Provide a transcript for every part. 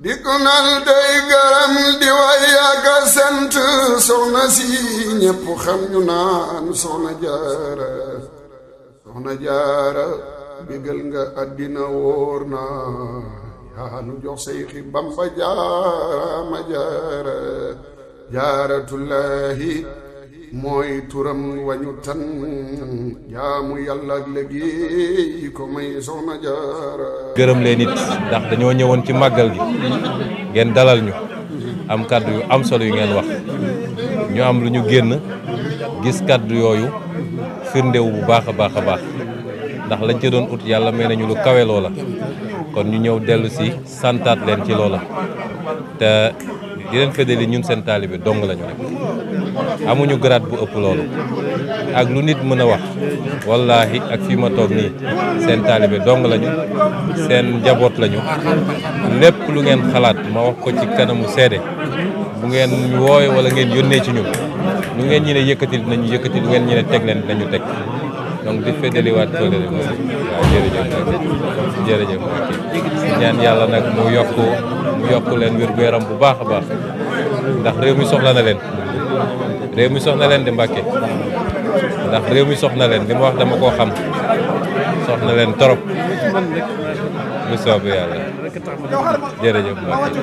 di ko nal day garam di way ak sant soxna si xam ñu naan soxna jaara soxna jaara bégal nga àddina wóor na yaa nu jox Seyxi Bamba jaara ma jaara jaaratullahi mooy turam wañu tan jaamu yàllaak ak léegi ko may soxna jaara gërëm leen it ndax dañoo ñëwoon ci màggal gi ngeen dalal ñu am kàddu yu am solo yu ngeen wax ñu am lu ñu génn gis kàddu yooyu firndewu bu baax a baax a baax ndax lañ ca doon ut yàlla may nañu lu kaweloo la kon ñu ñëw dellusi santaat leen ci loola te di leen fëddali ñun seen taalibe dong lañu rek amuñu grade bu ëpp loolu ak lu nit mën a wax wallaahi ak fii ma toog nii seen taalibe dong lañu seen jaboot lañu lépp lu ngeen xalaat ma wax ko ci kanamu seede bu ngeen ñu wooye wala ngeen yónnee ci ñun lu ngeen ñi ne yëkkati dinañu yëkkati lu ngeen ñi ne teg leen dinañu teg donc di feddaliwaat kóllëre moom waaw jërëjëf jërëjëf ñaan yàlla nag mu yokk mu yokk leen wér-gu-yaram bu baax a baax ndax réew mi soxla na leen réew mi soxla leen di Mbàkke ndax réew mi soxla leen li ma wax dama koo xam soxla leen torop bu soobee yàlla jërëjëf Mbàkke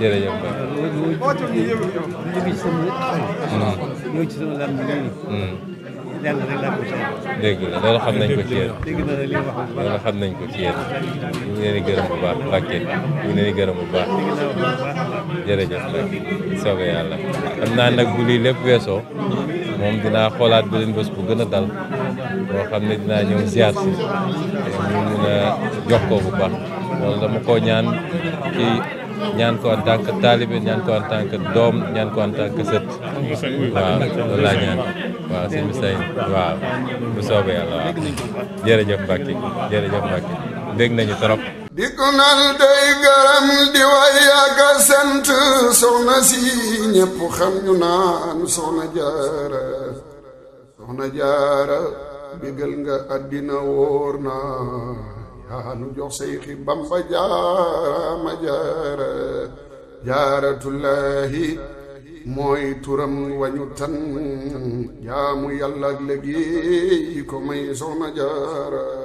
jërëjëf Mbàkke. ñëw ci sama dégg la loolu xam nañ ko ci yéen loolu xam nañ ko ci yéen ñu ngi leen di gërëm bu baax Mbàkke xam naa nag bu lii lépp weesoo moom dinaa xoolaat beneen bés bu gën a dal boo xam ne dinaa ñëw ziar si ñu mun ko bu baax loolu dama koo ñaan ci ñaan ko en tant que taalibe ñaan ko en tant doom ñaan ko en tant que waaw loolu ñaan waaw sëñ bi say waaw bu soobee yàlla waaw jërëjëf Mbacke jërëjëf Mbacke dégg nañu trop di kunal day garam di way ak sant soxna si ñëpp xam ñu naan soxna jaara soxna jaara bégal nga àddina wóor na haa nu jox Seyxi Bamba jaarama jaara jaaratullahi mooy turam wañu tan jaamu yàlla ak léegi ko may soxna jaara